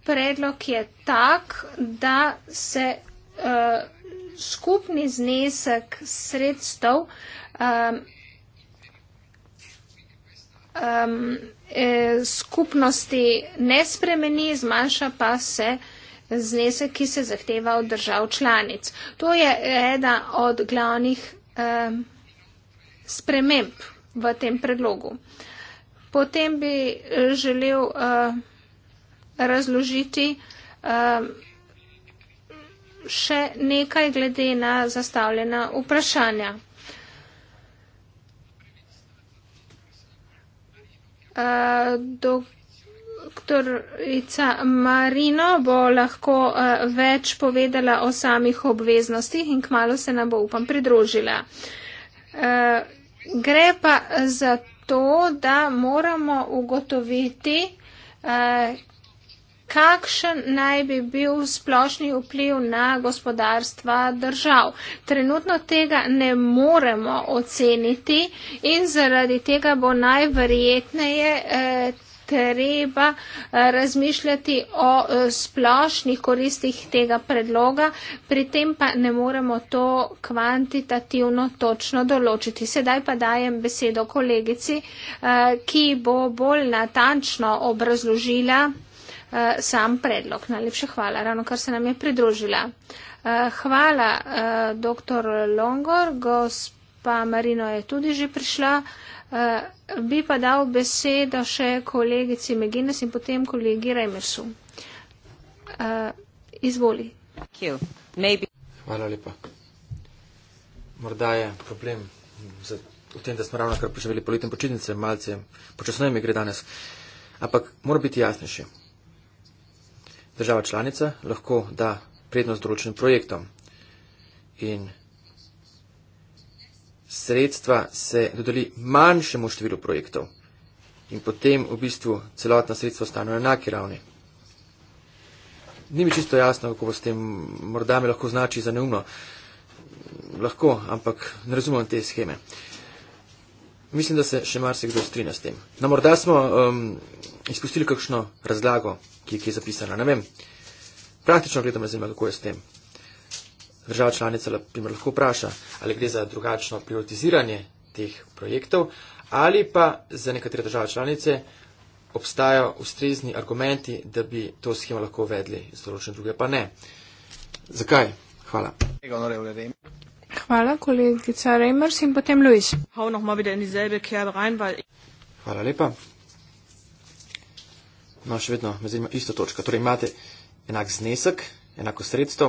predlog je tak, da se skupni znesek sredstev um, skupnosti ne spremeni, zmanjša pa se znesek, ki se zahteva od držav članic. To je ena od glavnih um, sprememb v tem predlogu. Potem bi želel uh, razložiti uh, še nekaj glede na zastavljena vprašanja. doktorica Marino bo lahko uh, več povedala o samih obveznostih in kmalo se nam bo, upam, pridružila. Uh, gre pa za to, da moramo ugotoviti, uh, kakšen naj bi bil splošni vpliv na gospodarstva držav. Trenutno tega ne moremo oceniti in zaradi tega bo najverjetneje eh, treba eh, razmišljati o eh, splošnih koristih tega predloga, pri tem pa ne moremo to kvantitativno točno določiti. Sedaj pa dajem besedo kolegici, ki bo bolj natančno obrazložila Eh, sam predlog. Najlepša hvala, ravno kar se nam je pridružila. Eh, hvala, eh, dr. Longor, gospa Marino je tudi že prišla. Bi pa dal besedo še kolegici Megines in potem kolegi Remersu. Izvoli. Hvala lepa. Morda je problem v tem, da smo ravno kar preživeli poletne počitnice, malce počasneje mi gre danes. Ampak mora biti jasnejše država članica lahko da prednost določenim projektom. In sredstva se dodeli manjšemu številu projektov. In potem v bistvu celotna sredstva ostane na enaki ravni. Ni mi čisto jasno, kako bo s tem, morda me lahko znači za neumno. Lahko, ampak ne razumem te scheme mislim, da se še marsikdo strinja s tem. No, morda smo um, izpustili kakšno razlago, ki, ki je zapisana. Ne vem, praktično gledam, zanima, kako je s tem. Država članica primer, lahko vpraša, ali gre za drugačno prioritiziranje teh projektov, ali pa za nekatere države članice obstajajo ustrezni argumenti, da bi to schemo lahko uvedli, z določen druge pa ne. Zakaj? Hvala. Hvala, kolegica Reimers in potem Luis. Hvala lepa. No, še vedno me zanima isto točka. Torej imate enak znesek, enako sredstvo,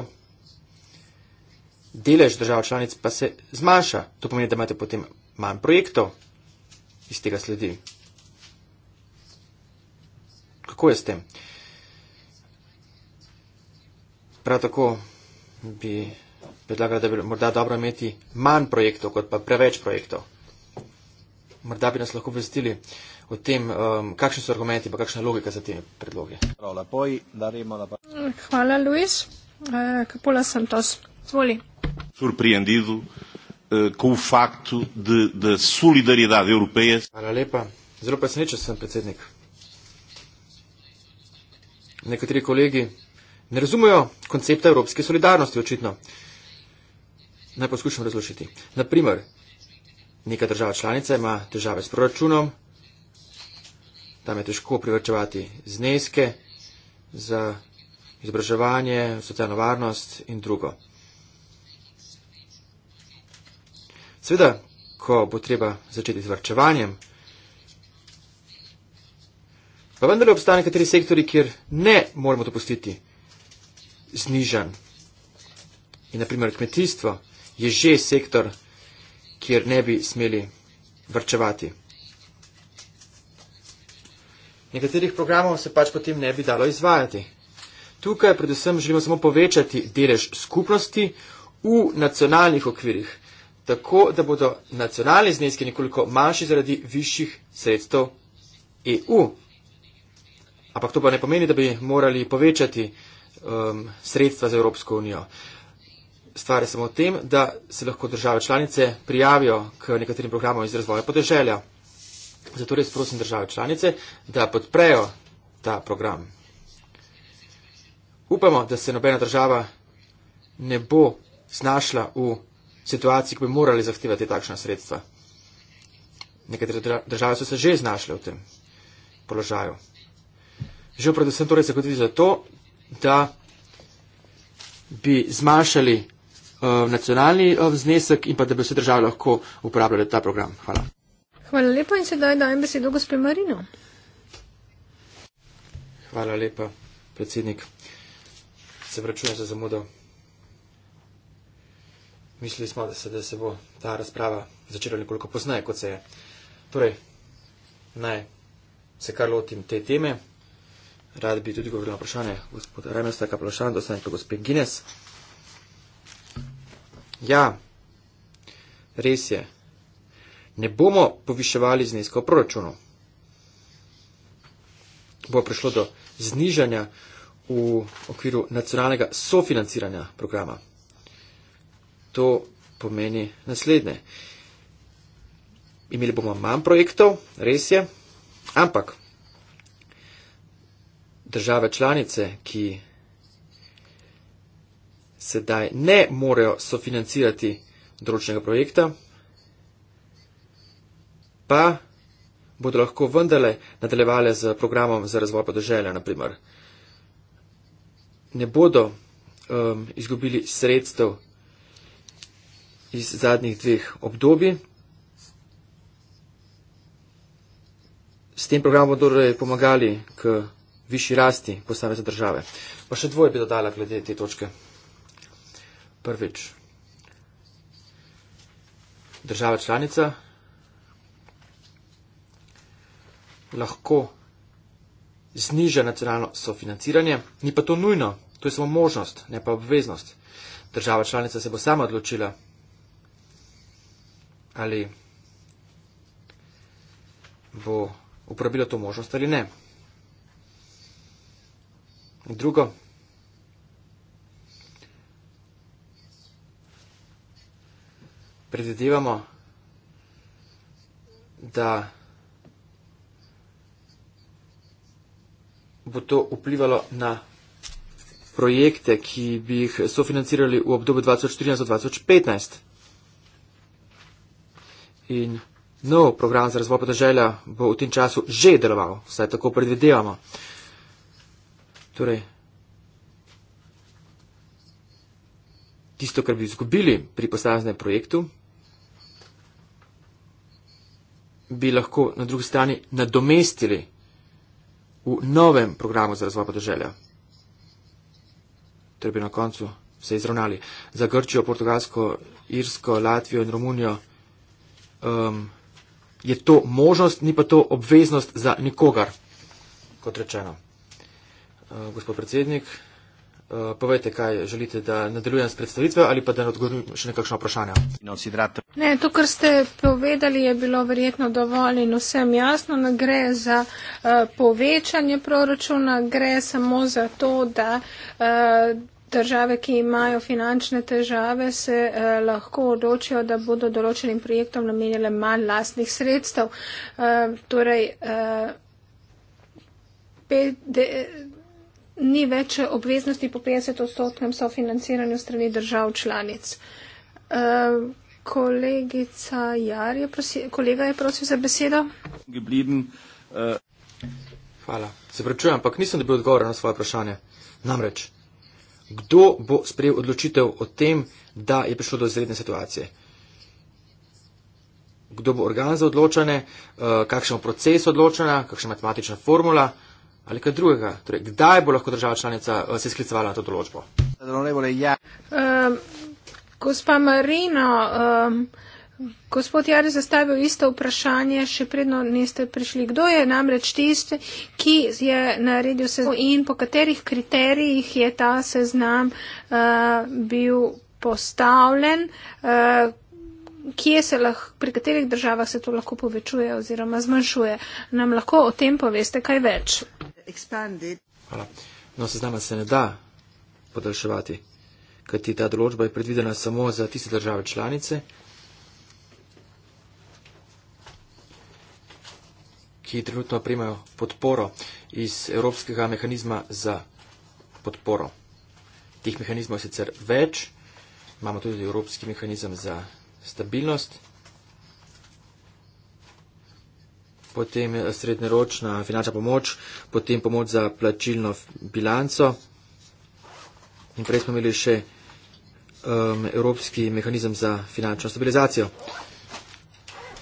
delež držav članic pa se zmanjša. To pomeni, da imate potem manj projektov iz tega sledi. Kako je s tem? Prav tako bi predlagala, da bi morda dobro imeti manj projektov, kot pa preveč projektov. Morda bi nas lahko vestili o tem, um, kakšni so argumenti, pa kakšna logika za te predloge. Hvala, Luis. Eh, Kapula sem to. Zvoli. Surprijendidu ko v eh, faktu, da solidaridad evropeje. Hvala lepa. Zelo presenečen sem, predsednik. Nekateri kolegi ne razumejo koncepta evropske solidarnosti, očitno. Naj poskušam razložiti. Naprimer, neka država članica ima težave s proračunom, tam je težko privrčevati zneske za izobraževanje, socialno varnost in drugo. Sveda, ko bo treba začeti z vrčevanjem, pa vendar obstane kateri sektori, kjer ne moramo dopustiti znižan. In naprimer kmetijstvo je že sektor, kjer ne bi smeli vrčevati. Nekaterih programov se pač potem ne bi dalo izvajati. Tukaj predvsem želimo samo povečati delež skupnosti v nacionalnih okvirih, tako da bodo nacionalni zneski nekoliko manjši zaradi višjih sredstev EU. Ampak to pa ne pomeni, da bi morali povečati um, sredstva za Evropsko unijo stvar je samo v tem, da se lahko države članice prijavijo k nekaterim programom iz razvoja podeželja. Zato res prosim države članice, da podprejo ta program. Upamo, da se nobena država ne bo znašla v situaciji, ko bi morali zahtevati takšna sredstva. Nekatere države so se že znašle v tem položaju. Že predvsem torej se kot tudi zato, da bi zmanjšali Eh, nacionalni eh, znesek in pa da bi vse države lahko uporabljale ta program. Hvala. Hvala lepa in sedaj dajem besedo gospe Marino. Hvala lepa, predsednik. Se vračujem za zamudo. Mislili smo, da se, da se bo ta razprava začela nekoliko poznaje, kot se je. Torej, naj se kar lotim te teme. Rad bi tudi govorila vprašanje gospoda Remesta, kaj vprašanje, da ostanem pa gospe Gines. Ja, res je. Ne bomo poviševali zneska v proračunu. Bo prišlo do znižanja v okviru nacionalnega sofinanciranja programa. To pomeni naslednje. Imeli bomo manj projektov, res je, ampak države članice, ki sedaj ne morejo sofinancirati določnega projekta, pa bodo lahko vendarle nadaljevali z programom za razvoj podeželja, naprimer. Ne bodo um, izgubili sredstev iz zadnjih dveh obdobij. S tem programom bodo torej pomagali k višji rasti posamezne države. Pa še dvoje bi dodala glede te točke. Prvič, država članica lahko zniža nacionalno sofinanciranje, ni pa to nujno, to je samo možnost, ne pa obveznost. Država članica se bo sama odločila, ali bo uporabila to možnost ali ne. In drugo, predvidevamo, da bo to vplivalo na projekte, ki bi jih sofinancirali v obdobju 2014-2015. In nov program za razvoj podeželja bo v tem času že deloval, vsaj tako predvidevamo. Torej, tisto, kar bi izgubili pri posameznem projektu, bi lahko na drugi strani nadomestili v novem programu za razvoj podeželja. Torej bi na koncu se izravnali za Grčijo, Portugalsko, Irsko, Latvijo in Romunijo. Um, je to možnost, ni pa to obveznost za nikogar, kot rečeno. Uh, gospod predsednik. Eh, povejte, kaj želite, da nadaljujem s predstavitvijo ali pa da odgovorim še nekakšno vprašanje. Ne, to, kar ste povedali, je bilo verjetno dovolj in vsem jasno. Ne gre za uh, povečanje proračuna, gre samo za to, da. Uh, Države, ki imajo finančne težave, se eh, lahko odločijo, da bodo določenim projektom namenjale manj lastnih sredstev. Eh, torej, eh, pe, de, ni več obveznosti po 50-odstotnem sofinanciranju strani držav članic. Uh, kolegica Jar je prosil, kolega je prosil za besedo. Eh. Hvala. Se pričujem, ampak nisem dobil odgovora na svoje vprašanje. Namreč, kdo bo sprejel odločitev o tem, da je prišlo do izredne situacije? Kdo bo organ za odločanje, eh, kakšen bo proces odločanja, kakšna matematična formula? ali kaj drugega. Torej, kdaj bo lahko država članica eh, se sklicovala na to določbo? Ja. Gospa Marino, um, gospod Jari zastavil isto vprašanje, še predno niste prišli. Kdo je namreč tisti, ki je naredil seznam in po katerih kriterijih je ta seznam uh, bil postavljen, uh, se lahko, pri katerih državah se to lahko povečuje oziroma zmanjšuje? Nam lahko o tem poveste kaj več? Hvala. No, seznama se ne da podaljševati, kajti ta določba je predvidena samo za tiste države članice, ki trenutno prejmajo podporo iz Evropskega mehanizma za podporo. Tih mehanizmov je sicer več, imamo tudi Evropski mehanizem za stabilnost. potem srednjeročna finančna pomoč, potem pomoč za plačilno bilanco in prej smo imeli še um, Evropski mehanizem za finančno stabilizacijo.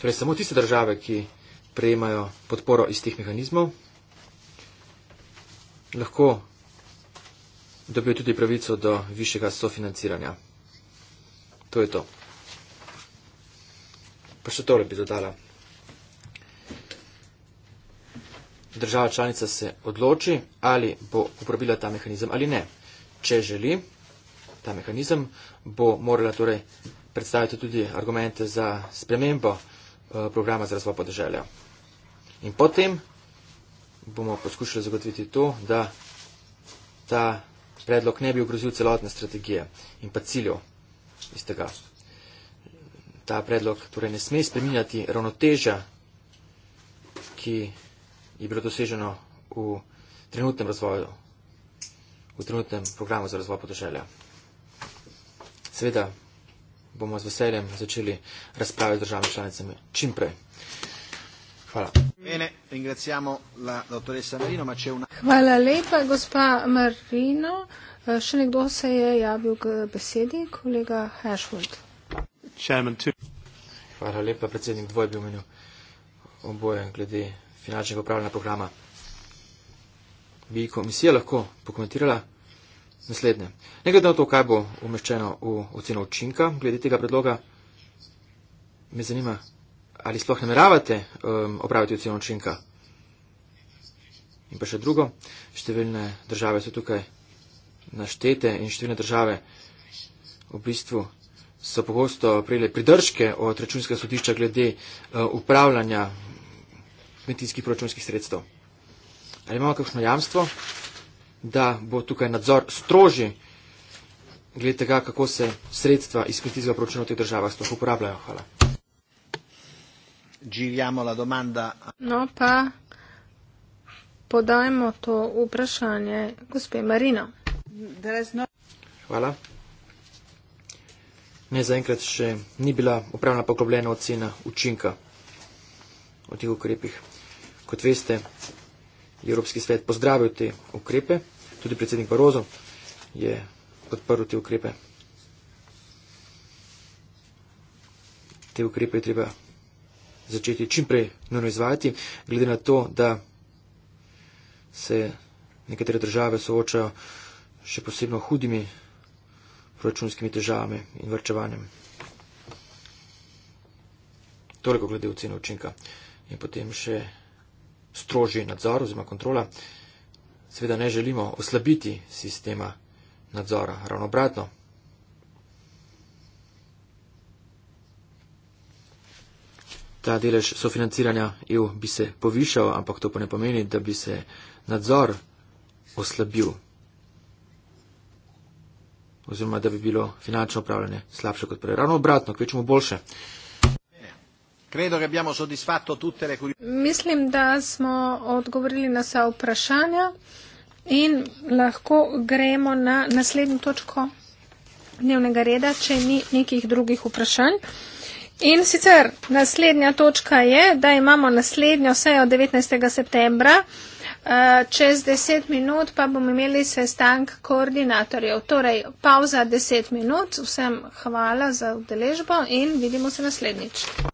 Torej samo tiste države, ki prejemajo podporo iz teh mehanizmov, lahko dobijo tudi pravico do višjega sofinanciranja. To je to. Pa še tole bi dodala. država članica se odloči, ali bo uporabila ta mehanizem ali ne. Če želi ta mehanizem, bo morala torej predstaviti tudi argumente za spremembo eh, programa za razvoj podeželja. In potem bomo poskušali zagotoviti to, da ta predlog ne bi ogrozil celotne strategije in pa ciljev iz tega. Ta predlog torej ne sme spreminjati ravnotežja, ki je bilo doseženo v trenutnem razvoju, v trenutnem programu za razvoj podeželja. Seveda bomo z veseljem začeli razprave z državnimi članicami čim prej. Hvala. Bene, ringraziamo la dottoressa Marino, ma c'è una... Hvala lepa, gospa Marino. Eh, še nekdo se je javil k besedi, kolega Hashwood. Hvala lepa, predsednik dvoj bi omenil oboje glede finančnega upravljanja programa. Bi komisija lahko pokomentirala naslednje. Ne glede na to, kaj bo umeščeno v oceno učinka glede tega predloga, me zanima, ali sploh nameravate um, opraviti oceno učinka. In pa še drugo, številne države so tukaj naštete in številne države v bistvu so pogosto prile pridržke od računskega sodišča glede uh, upravljanja kmetijskih proračunskih sredstev. Ali imamo kakšno jamstvo, da bo tukaj nadzor strožji glede tega, kako se sredstva iz kmetijskega proračuna v teh državah sploh uporabljajo? Hvala. No pa podajmo to vprašanje gospe Marino. No... Hvala. Ne, zaenkrat še ni bila upravna poglobljena ocena učinka o teh ukrepih kot veste, je Evropski svet pozdravil te ukrepe, tudi predsednik Barozo je podprl te ukrepe. Te ukrepe je treba začeti čimprej nujno izvajati, glede na to, da se nekatere države soočajo še posebno hudimi proračunskimi težavami in vrčevanjem. Toliko glede ocene učinka. In potem še strožji nadzor oziroma kontrola, seveda ne želimo oslabiti sistema nadzora, ravno obratno. Ta delež sofinanciranja EU bi se povišal, ampak to pa ne pomeni, da bi se nadzor oslabil oziroma da bi bilo finančno upravljanje slabše kot prej. Ravno obratno, kvečemu boljše. Credo che abbiamo soddisfatto tutte le curiosità. Mislim da smo odgovorili na sva vprašanja in lahko gremo na naslednjo točko dnevnega reda, če ni nekih drugih vprašanj. In sicer naslednja točka je, da imamo naslednjo sejo 19. septembra. Eh, čez 10 minut pa bomo imeli sestank koordinatorjev. Torej, pauza 10 minut. Vsem hvala za udeležbo in vidimo se naslednjič.